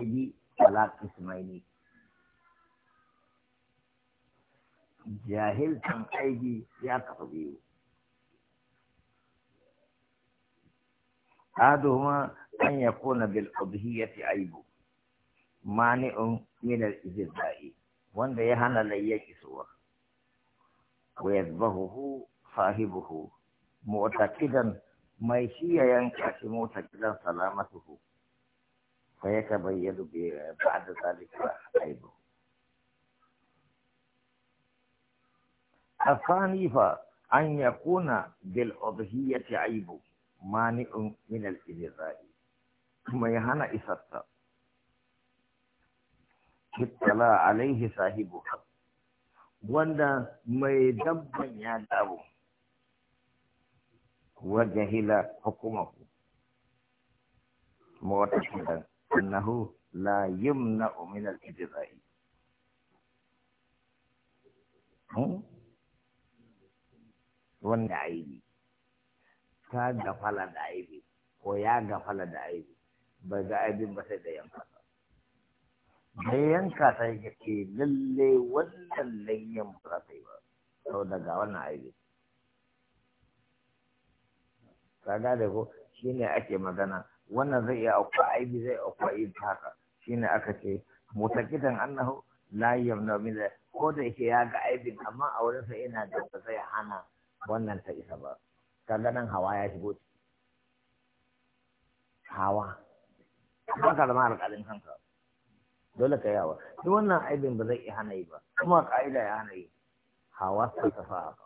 الحج على قسمين جاهل كان أيدي يا تقبيو أحدهما أن يكون بالأضحية عيب مانع من الإجزاء وأن يهنا ليك سوى ويذبحه صاحبه معتقدا ما يشي ينكش معتقدا سلامته فيتبين بعد ذلك عيبه الثاني فأن يكون بالأضحية عيب مانع من الإذراء ثم يهنا إسرت كتلا عليه صاحبها wanda mai dabban ya dawo wa jahila hukumahu annahu la yumna min al-ijra'i wanda aibi ta gafala da aibi ko ya gafala da aibi ba ga aibin ba sai da yanka da yanka sai yake ce lalle wannan layyan ba za ba sau daga wannan aibi kaga da ko shine ake magana wannan zai iya auku aibi zai akwai ibi e haka shine aka ce mutakidan annahu la yamna min ko da yake ya ga aibin amma a wurin sa yana da ba zai hana wannan ta isa ba kaga nan hawa ya shigo hawa ba ka zama alƙalin kanka dole ka yawa duk wannan aibin ba zai iya hana yi ba kuma ka'ida ya hana yi hawa sai ta tafa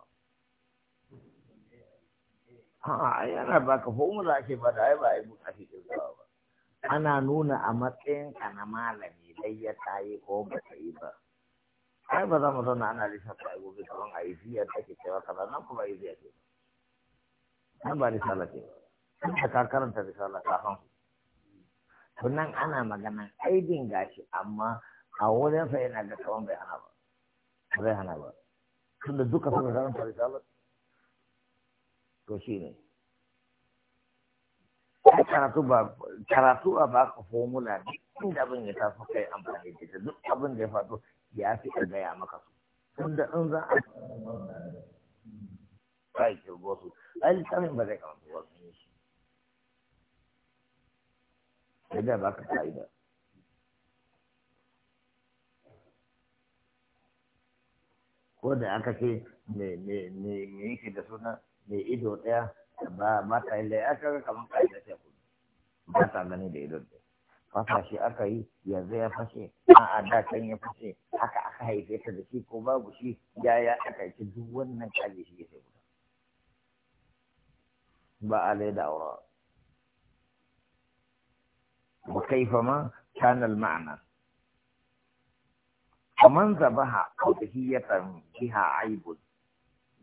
yana baka formula ake ba da ba ai buka shi ba. Ana nuna a matsayin ka na malami dai ya tsaye ko ba ta yi ba. Ai ba za mu zauna ana ba yi gobe kaman a yi iziyar take cewa kaza nan kuma jiya ce. Nan ba risala ce. Kan da ka karanta risala kafin. Tunan ana maganan aibin gashi amma a wurinsa yana ga kawan bai hana ba. Bai hana ba. Tunda duka suka ta risalar. to shi ne karatu ba karatu a baka formula duk inda abin ya tafi kai amfani da duk abin da ya faɗo ya fi a gaya maka su tunda in za a kai kirgo su ai littafin ba zai kamata ba su yi shi da ba ka ka'ida ko da aka ce me me me yake da suna mai ido ɗaya ba ba ta yi lai aka kamar da sai ku ba ta gani da ido ɗaya fasa shi aka yi yanzu ya fashe a ada da can ya fashe haka aka haife ta da shi ko babu shi ya yaya aka yi duk wannan kaji shi ta guda ba a lai da aura wa kaifa ma kana ma'ana kamar zabaha ha tahiyatan jiha aibun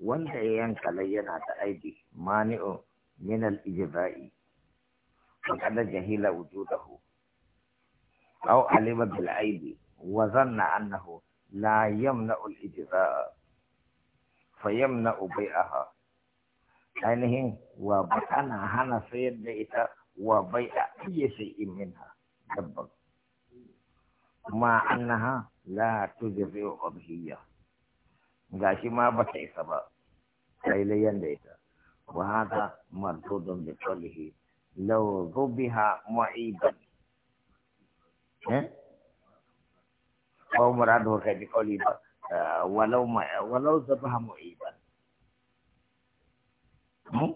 wanda ya yanka layyana da aibi mani'u min al-ijba'i kada jahila wujudahu aw alima bil aibi wa zanna annahu la yamna'u al-ijba'a fa yamna'u bai'aha ainihin wa ana hana sayar da ita wa bai'a iya shay'in minha dabba ma annaha la tujzi'u qadhiyya gashi ma ba ta isa ba sai layyan da ita wa haka mardudun bi qawlihi law rubiha mu'iban eh ko muradu ka bi qawli ba ah, walau ma walau sabaha mu'iban mu hmm?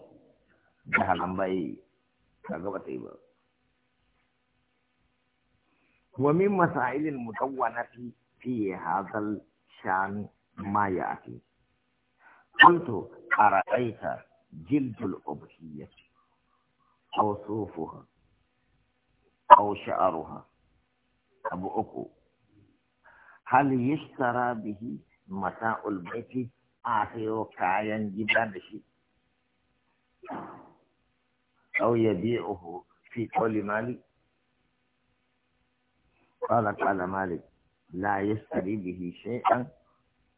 da halan bai kaga ba ta yi ba ومن مسائل المدونة في هذا الشان ما يأتي قلت أرأيت جلد الأبهية أو صوفها أو شعرها أبو أكو هل يشترى به متاع البيت آخر كاين جدا أو يبيعه في كل مالي قال قال مالك لا يشتري به شيئا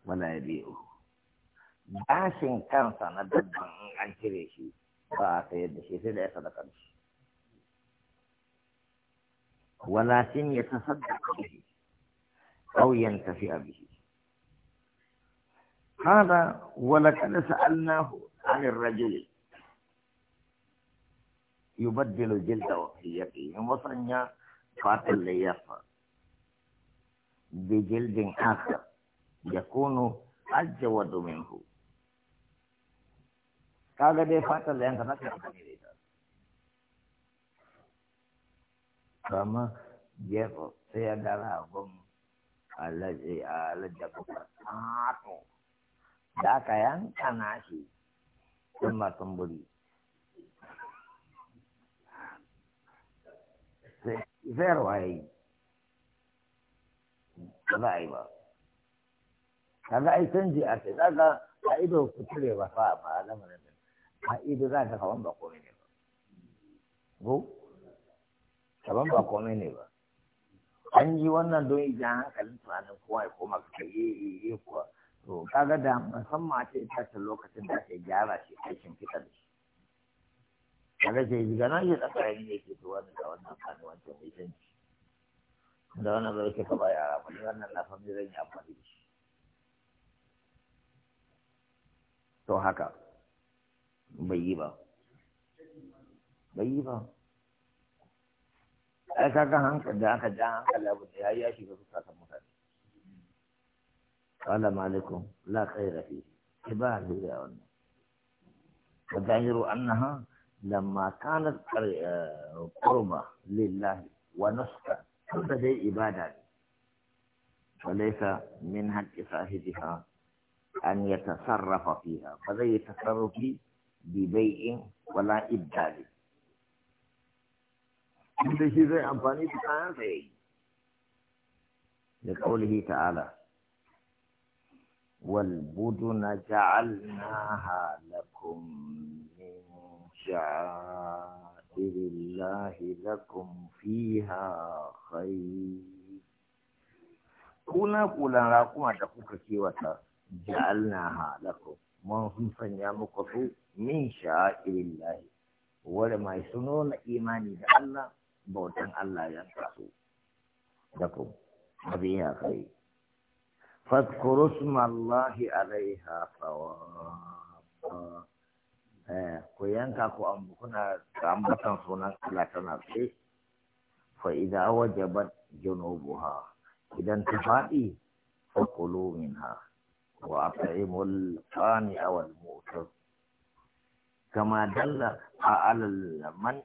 wala yabi'uhu bashin kansa na dabban in an cire shi ba a sayar da shi sai da ya sadaka shi walakin ya tasaddaqa bihi aw yantafi bihi هذا ولقد سألناه عن الرجل يبدل جلد وحيته وصنع فاتل ليفر بجلد آخر yakunu ajjawadu minhu kaga dai fatar da yanka nake amfani da ita kama gefe sai ya gara abin alaji alaji kuka tsato da ka yanka nashi sun ma buri sai sayarwa ya yi ba kaga ai canji a kai zaka a ido ku cire ba fa a lamarin nan a ido za ka kawan ba komai ne ba ko Kaban ba komai ne ba an yi wannan don ja hankalin tunanin kowa ya koma ka kai yi eh, yi eh, eh, kuwa to kaga da musamman a ce ita ta lokacin da ake gyara shi aikin fita da shi kaga ce yi gana shi tsakanin yake to wani da wannan kanuwancin mai canji da wannan zai ke kaba yara wani wannan na fami zan yi amfani da shi to haka bai yi ba bai yi ba ai kaga hankali da aka ja hankali abu da yayi ya shiga su sakan mutane qala malikum la khaira fi ibadi ya wannan وظاهر أنها لما كانت قربة لله ونسكة فهي عبادة وليس من حق صاحبها أن يتصرف فيها فزي التصرف ببيع ولا إبدال كل شيء zai amfani da kayan تعالى والبدن جعلناها لكم من شعائر الله لكم فيها خير kuna kulan raƙuma da kuka kewata ja'alnaha lakum mun sanya muku su min sha'irillahi wala mai suno na imani da Allah bautan Allah ya su lakum abiya kai fadhkuru smallahi alaiha sawaba ku yanka ku ambukuna ambatan sunan Allah tana Fa'idawa fa idza wajabat junubuha idan ta faɗi fakulu minha وأطعم القانع والمؤتر كما دل على المنع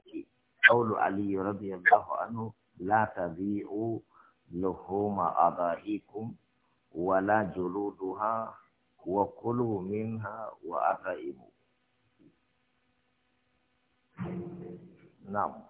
قول علي رضي الله عنه لا تبيعوا لحوم أضاحيكم ولا جلودها وكلوا منها وأطعموا نعم